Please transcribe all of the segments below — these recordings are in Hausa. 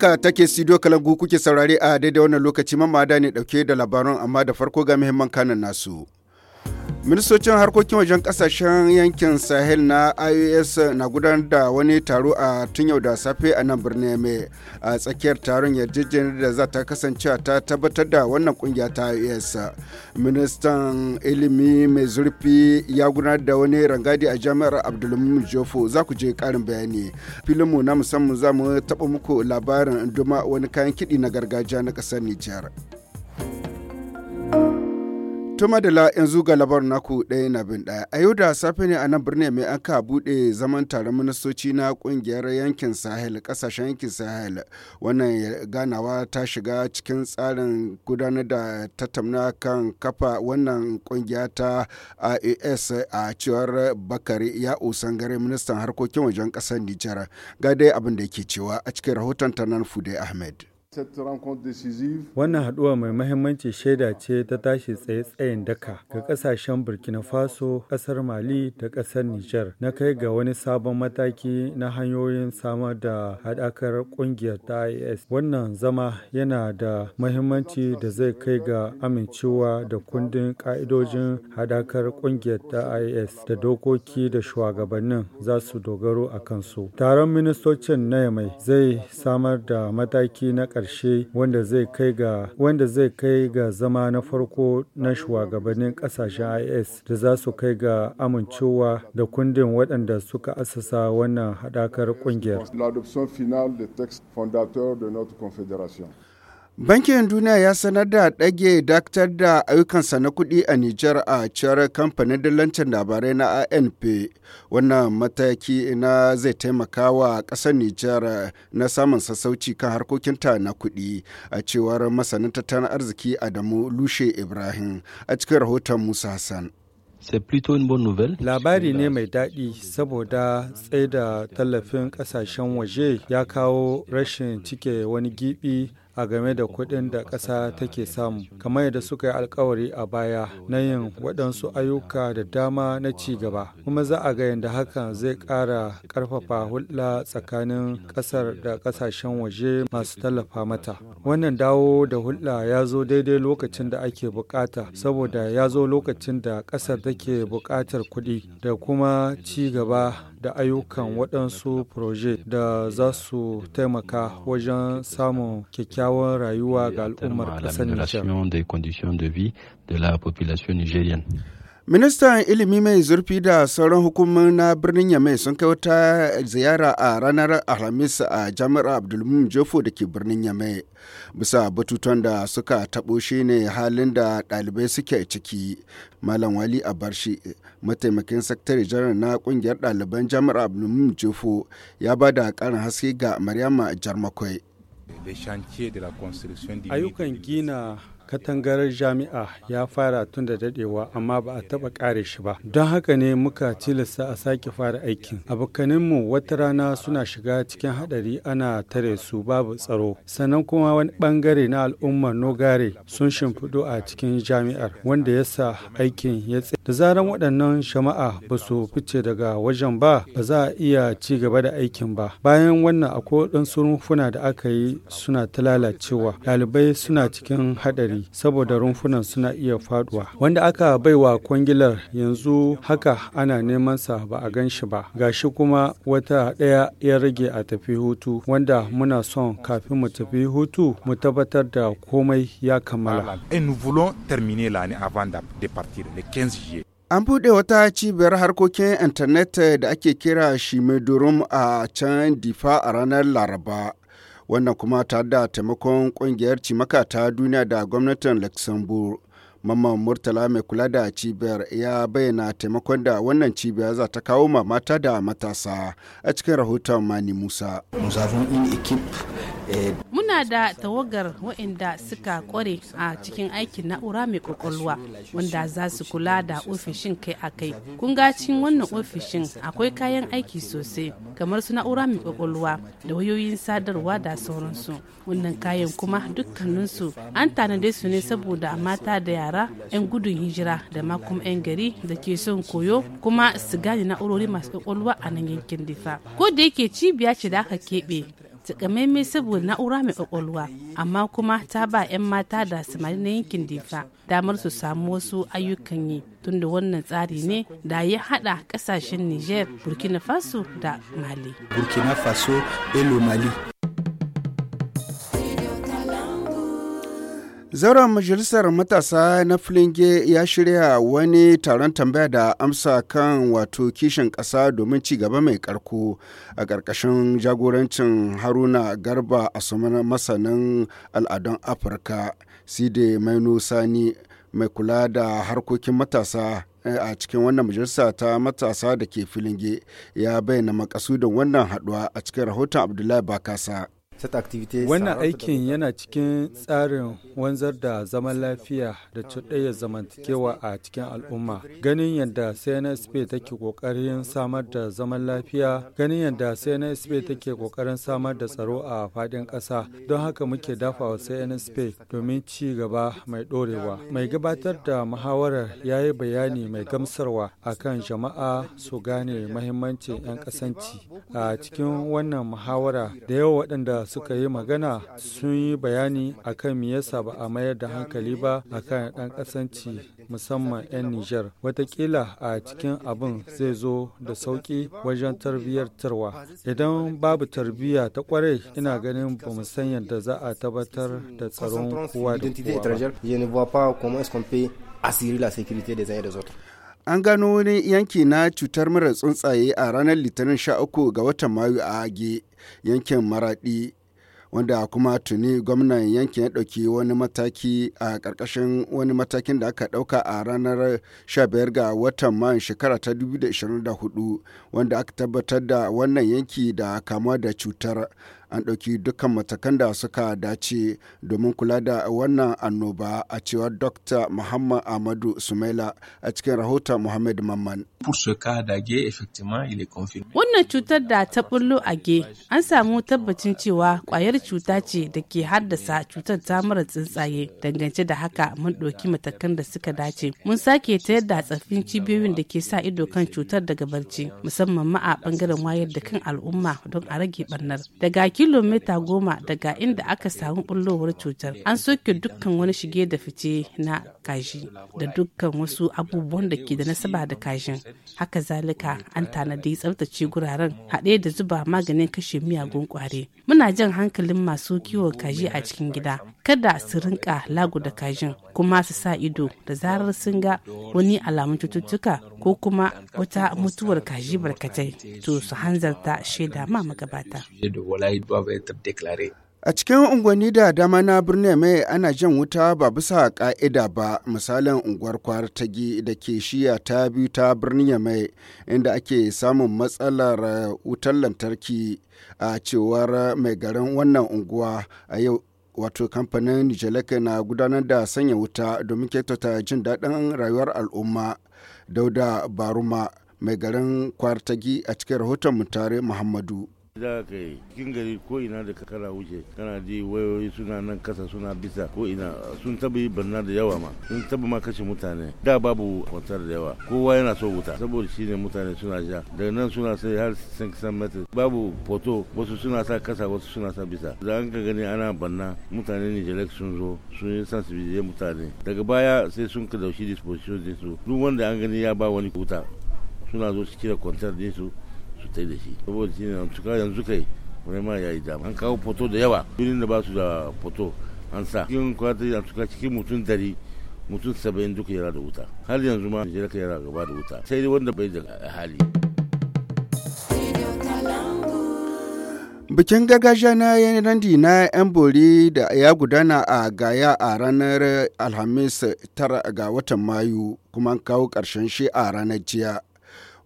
Haka take studio kalangu kuke saurare a daidai wannan lokaci mamada ne dauke da labarun amma da farko ga muhimman kanan nasu. ministocin harkokin wajen kasashen yankin sahel na ios na gudanar da wani taro a tun yau da safe a nan birnin mai a tsakiyar taron yarjejeniyar da za ta kasance ta tabbatar da wannan kungiya ta ios ministan ilimi mai zurfi ya gudanar da wani rangadi a jami'ar abdulmumin jofo za ku je karin bayani filinmu na musamman za mu taɓa muku labarin duma wani kayan kiɗi na gargajiya na ƙasar nijar. Tuma da la yanzu ga labar naku ɗaya na bin ɗaya. A yau da safe ne a nan birni mai aka buɗe zaman taron ministoci na ƙungiyar yankin Sahel, ƙasashen yankin Sahel. Wannan ganawa ta shiga cikin tsarin gudanar da tattauna kan kafa wannan ƙungiya ta AES a cewar Bakari ya Sangare ministan harkokin wajen ƙasar Nijar. Ga dai abin da ke cewa a cikin rahoton ta nan Fude Ahmed. Wannan haɗuwa mai mahimmanci shaida ce ta tashi tsaye tsayin daka ga ƙasashen Burkina Faso, ƙasar Mali da ƙasar Nijar na kai ga wani sabon mataki na hanyoyin samar da haɗakar ƙungiyar ta IS. Wannan zama yana da mahimmanci da zai kai ga amincewa da kundin ƙa'idojin haɗakar ƙungiyar ta IS da dokoki da shugabannin za su dogaro a kansu. Taron ministocin na mai zai samar da mataki na ƙarshe wanda zai kai ga wanda zai kai ga zama na farko na shugabannin ƙasashen IS da za su kai ga amincewa da kundin waɗanda suka asasa wannan haɗakar ƙungiyar. Bankin Duniya ya sanar da ɗage daktar da ayyukansa na kuɗi a Nijar a cewar kamfanin dillancin labarai na ANP. Wannan mataki na zai taimaka wa ƙasar Nijar na samun sassauci kan harkokinta na kuɗi a cewar masanin tattalin arziki Adamu Lushe Ibrahim a cikin rahoton Musa Hassan. Labari ne mai daɗi saboda tsaida tallafin ƙasashen waje ya kawo rashin cike wani gibi a game da kuɗin da ƙasa take samu kamar yadda suka yi alkawari a baya na yin waɗansu ayyuka da dama na ci gaba kuma za a ga yadda hakan zai ƙara ƙarfafa hulɗa tsakanin ƙasar da ƙasashen waje masu tallafa mata wannan dawo da hulɗa ya zo daidai lokacin da ake buƙata saboda ya zo lokacin da ƙasar take buƙatar kuɗi da kuma ci gaba da ayyukan waɗansu proje da za su taimaka wajen samun kyakkyawan rayuwa ga al'ummar ƙasar Nijar. Ministan ilimi mai zurfi da sauran hukumar na birnin Yamai sun kai wata ziyara a ranar Alhamis a jami'ar Abdulmum Jofo da ke birnin Yamai. Bisa batutuwan da suka tabo shi ne halin da ɗalibai suke ciki. Malam Wali Abarshi, mataimakin sakatare janar na ƙungiyar ɗaliban jami'ar Abdulmum Jofo ya ba da ƙarin haske ga Maryama Jarmakwai. Ayyukan gina katangarar jami'a ya fara tun da dadewa amma ba a taba kare shi ba don haka ne muka tilasta a sake fara aikin abokaninmu wata rana suna shiga cikin hadari ana tare su babu tsaro sannan kuma wani bangare na al'ummar nogare sun shimfiɗo a cikin jami'ar wanda ya sa aikin ya tsaye da zaran waɗannan jama'a ba su fice daga wajen ba ba za a iya ci gaba da aikin ba bayan wannan akwai waɗansu rumfuna da aka yi suna ta lalacewa ɗalibai suna cikin haɗari. saboda rumfunan suna iya faduwa. Wanda aka baiwa kwangilar yanzu haka ana neman sa ba a gan shi ba. Gashi kuma wata daya ya rage a tafi hutu wanda muna son kafin mu tafi hutu mu tabbatar da komai ya kammala. An buɗe wata cibiyar harkokin intanet da ake kira shi Shimedurum a can Difa a ranar Laraba. wannan kuma ta da taimakon kungiyar cimaka ta duniya da gwamnatin luxembourg mamman murtala mai kula da cibiyar ya bayyana taimakon da wannan cibiyar za ta kawo ma mata da matasa a cikin rahoton mani musa muna da tawagar waɗanda suka kware a cikin aikin na'ura mai kwakwalwa wanda za su kula da ofishin kai a kai kun gacin wannan ofishin akwai kayan aiki sosai kamar su na'ura mai kwakwalwa da wayoyin sadarwa da sauransu wannan kayan kuma dukkaninsu an tanade su ne saboda mata da yara 'yan gudun hijira da ma kuma 'yan gari da ke son koyo kuma su gane na'urori masu kwakwalwa a nan yankin difa ko da yake cibiya ce da aka keɓe takamaimai saboda na'ura mai kwakwalwa amma kuma ta ba 'yan mata da samari na yankin difa damar su samu wasu ayyukan yi tunda wannan tsari ne da ya hada kasashen niger burkina faso da mali burkina faso mali Zauren Majalisar Matasa na Filinge ya shirya wani taron tambaya da amsa kan wato kishin ƙasa domin ci gaba mai karko a ƙarƙashin jagorancin Haruna Garba a masanin al'adun Afirka, Side Mainu Sani mai kula da harkokin matasa eh, a cikin wannan majalisa ta matasa da ke Filinge ya bayyana makasudin wannan haɗuwa a cikin rahoton Abdullahi Bakasa. Wannan aikin yana cikin tsarin wanzar da zaman lafiya da cuɗayar zamantakewa a cikin al'umma. Ganin yadda CNSP take ƙoƙarin samar da zaman lafiya, ganin yadda CNSP take ƙoƙarin samar da tsaro a faɗin ƙasa, don haka muke dafawa CNSP domin ci gaba mai ɗorewa. Mai gabatar da muhawarar ya yi bayani mai gamsarwa akan jama'a su gane mahimmancin 'yan ƙasanci. A cikin wannan muhawara da yawa waɗanda suka yi magana sun yi bayani akan me yasa ba a mayar da hankali ba a akan ɗan kasanci musamman 'yan Nijar. Watakila a cikin abin zai zo da sauki wajen tarwa Idan babu tarbiyya ta kwarai ina ganin ba mu san yadda za a tabbatar da tsaron kowa da kowa. An gano wani yanki na cutar mura tsuntsaye a ranar Litinin 13 ga watan Mayu a Age yankin maraɗi. wanda kuma tuni gwamnan yankin ya ɗauki wani mataki a ƙarƙashin wani matakin da aka ɗauka a ranar 15 ga watan man shekara ta 2024 wanda aka tabbatar da wannan yanki da kama da cutar an ɗauki dukkan matakan da suka dace domin kula da wannan annoba a cewa dr muhammad amadu sumaila a cikin rahoton muhammad mamman wannan cutar da ta bullo a ge an samu tabbacin cewa kwayar cuta ce da ke haddasa cutar ta mara tsuntsaye dangance da haka mun ɗauki matakan da suka dace mun sake ta yadda tsaffin cibiyoyin da ke sa ido kan cutar daga barci musamman ma a bangaren wayar da kan al'umma don a rage barnar daga kilomita goma daga inda aka samu bullowar cutar an soke dukkan wani shige da fice na kaji da dukkan wasu abubuwan da ke da nasaba da kajin haka zalika an tanadi tsabtace guraren haɗe da zuba maganin kashe miyagun kware muna jan hankalin masu kiwon kaji a cikin gida kada su rinka lagu da kajin kuma su sa ido da zarar sun ga wani alamun cututtuka ko kuma wata mutuwar kaji barkatai to su hanzarta shaida ma magabata. A cikin unguwanni da dama na birnin mai ana jan wuta ba bisa ka'ida ba misalin unguwar kwartagi da ke shiya ta biyu ta birnin mai inda ake samun matsalar eh, wutar lantarki a cewar eh, mai garin wannan unguwa a yau wato kamfanin nijalaka na gudanar da sanya wuta domin kyautata jin daɗin rayuwar al'umma dauda baruma mai garin kwartagi a cikin rahoton mutare muhammadu da aka yi cikin gari ko ina da kana wuce kana ji wayoyi suna nan kasa suna bisa ko ina sun taba yi barna da yawa ma sun taba ma kashe mutane da babu kwantar da yawa kowa yana so wuta saboda shine mutane suna ja daga nan suna sai har 500 meters babu foto wasu suna sa kasa wasu suna sa bisa da an ka gani ana banna mutane nijelek sun zo sun yi sensibilize mutane daga baya sai sun ka daushi disposition din su duk wanda an gani ya ba wani wuta suna zo su cire kwantar din su su tai da shi saboda shi ne tuka yanzu kai wani ma ya yi dama an kawo foto da yawa filin da ba su da foto an sa cikin kwata yana tuka cikin mutum dari mutum saba'in duka yara da wuta har yanzu ma jira ka yara gaba da wuta sai dai wanda bai da hali Bikin gagasha na randi na 'yan bori da ya gudana a Gaya a ranar Alhamis 9 ga watan Mayu kuma kawo karshen shi a ranar jiya.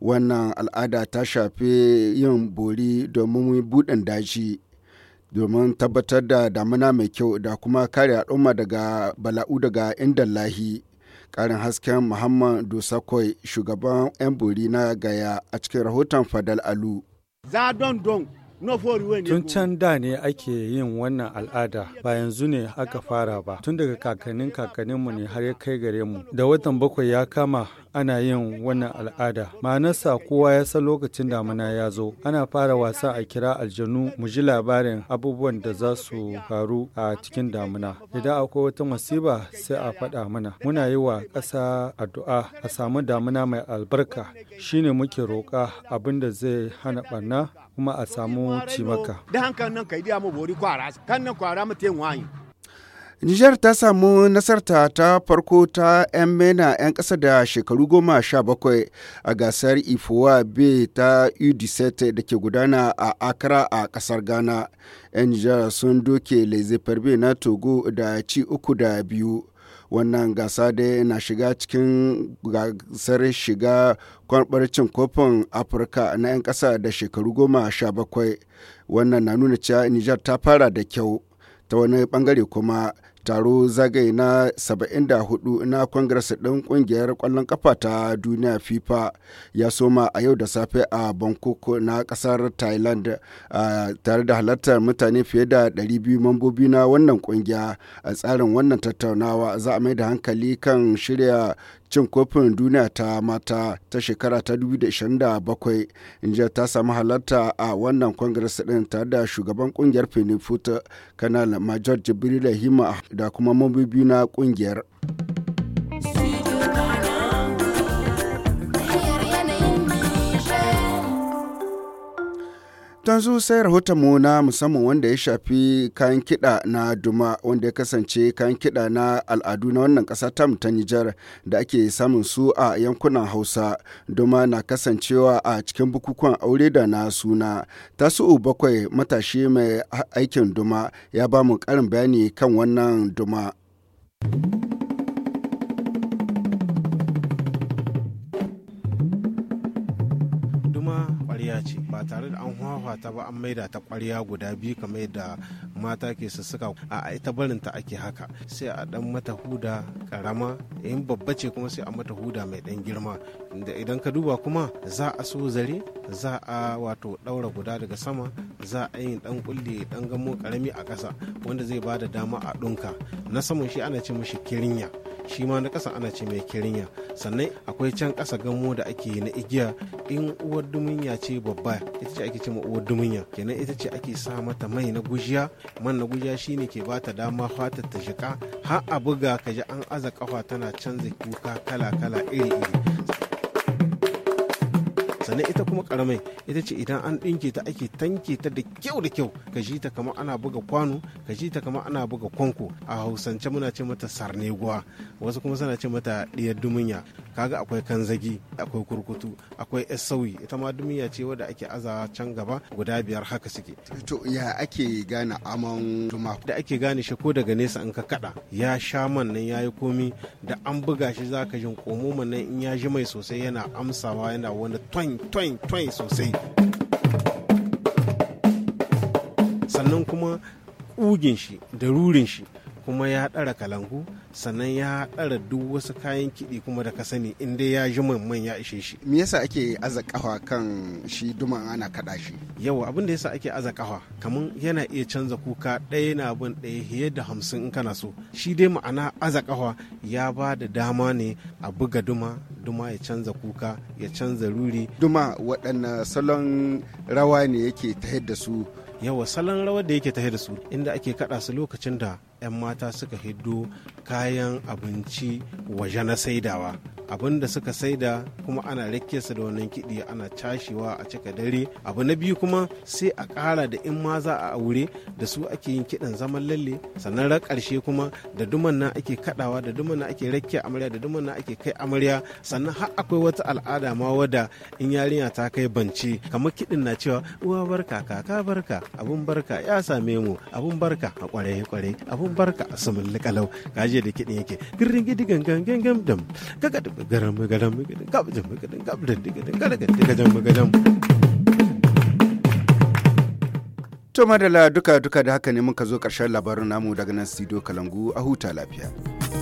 wannan al'ada ta shafi yin bori domin buɗin daji domin tabbatar da damuna mai kyau da kuma kare al'umma daga bala'u daga inda lahi karin hasken muhammad dusakoi shugaban 'yan bori na gaya a cikin rahoton fadal alu za don don Tun can da ne ake yin wannan al'ada ba yanzu ne aka fara ba tun daga kakannin kakanninmu ne har ya kai gare mu. Da watan bakwai ya kama ana yin wannan al'ada. Ma'anarsa kowa ya san lokacin damina ya zo. Ana fara wasa a kira aljanu mu ji labarin abubuwan da za su faru a cikin damuna. Idan akwai wata masiba sai a faɗa mana. Muna yi wa ƙasa addu'a a samu damuna mai albarka shine muke roƙa abin da zai hana ɓarna kuma a samu ci maka da hankan nan mu bori kwara kan nan kwara mu te wani Nijar ta samu nasarta ta farko ta 'yan mena 'yan ƙasa da shekaru goma sha bakwai a gasar ifowa b ta udset da ke gudana a akra a ƙasar Ghana. 'Yan Nijar sun doke Leze Ferbe na Togo da ci uku da biyu. wannan gasa dai na shiga cikin gasar shiga kwarbar cin kofin afirka na 'yan ƙasa da shekaru goma sha bakwai wannan na nuna cewa nijar ta fara da kyau ta wani bangare kuma taro zagaye na 74 na kwangiras ɗin ƙungiyar ƙwallon kafa ta duniya fifa ya soma a yau da safe a bangkok na ƙasar thailand tare da halartar mutane fiye da 200 mambobi na wannan ƙungiya a tsarin wannan tattaunawa za a mai da hankali kan shirya cin kofin duniya ta mata ta shekara ta 2027 injiya ta samu halarta a wannan kongres din tare da shugaban kungiyar foot kanal major jibril hima da kuma mambobi na kungiyar. yanzu sai rahoton mu na musamman wanda ya shafi kayan kiɗa na duma wanda ya kasance kayan kiɗa na al'adu na wannan ƙasa ta ta Nijar da ake samun su a yankunan Hausa. Duma na kasancewa a cikin bukukuwan aure da na suna. Tasu'u bakwai matashi mai aikin duma ya ba mu ƙarin bayani kan wannan duma. tare da an hwahwata ba an maida ta kwarya guda biyu kamar yadda mata ke sassuka. a ita barinta ta ake haka sai a dan mata huda karama in babba ce kuma sai a mata huda mai dan girma da idan ka duba kuma za a so zare za a wato daura guda daga sama za a yi dan kulle dan gamo karami a ƙasa wanda zai ba da dama a ɗunka na saman shi ana ce mishi kirinya shi ma na ƙasa ana ce mai kirinya sannan akwai can kasa gamo da ake yi na igiya in uwar dumunya ce babba ita ce ake ce ma uwar dumunya kenan ita ce ake sa mata mai na gujiya man na gujiya shine ke bata dama fata ta shika har a buga kaji an aza kafa tana canza kuka kala kala iri iri sannan ita kuma karamai ita ce idan an ɗinke ta ake tanke ta da kyau da kyau ka ji ta kamar ana buga kwano ka ji ta kamar ana buga kwanko a hausance muna ce mata sarneguwa wasu kuma suna ce mata ɗiyar dumunya kaga akwai kanzagi akwai kurkutu akwai sauyi ita ma dumunya ce wadda ake azawa can gaba guda biyar haka suke to ya ake gane aman da ake gane shi ko daga nesa in ka kada ya sha man nan yayi komi da an buga shi zaka jin komo man nan in ya ji mai sosai yana amsawa yana wani twank twain twain sosai sannan kuma ƙugin shi da rurin shi kuma ya ɗara kalangu sannan ya ɗara duk wasu kayan kiɗi kuma da ka sani inda dai ya ji man ya ishe shi me yasa ake azakawa kan shi duman ana kaɗa shi Yau abin da yasa ake azakawa kamar yana iya canza kuka ɗaya na bin ɗaya fiye da hamsin in kana so shi dai ma'ana azakawa ya ba da dama ne a buga duma duma ya canza kuka ya canza ruri duma waɗanne salon rawa ne yake ta da su yawa salon rawar da yake tahe da su inda ake kada su lokacin da 'yan mata suka hiddo kayan abinci waje na saidawa abin da suka saida kuma ana rake su da wannan kiɗi ana cashewa a cika dare abu na biyu kuma sai a ƙara da in ma za a aure da su ake yin kiɗan zaman lalle sannan ra ƙarshe kuma da duman nan ake kaɗawa da duman nan ake rake amarya da duman nan ake kai amarya sannan har akwai wata al'ada ma wada in yarinya ta kai bance kamar kiɗin na cewa uwa barka kaka barka abun barka ya same mu abun barka a kwarai kwarai abun barka a samun kalau kaje da kiɗin yake girin gidigan gangan dam kaga garam To madala duka duka da haka ne muka zo ƙarshen labarin namu daga nan studio Kalangu a huta lafiya.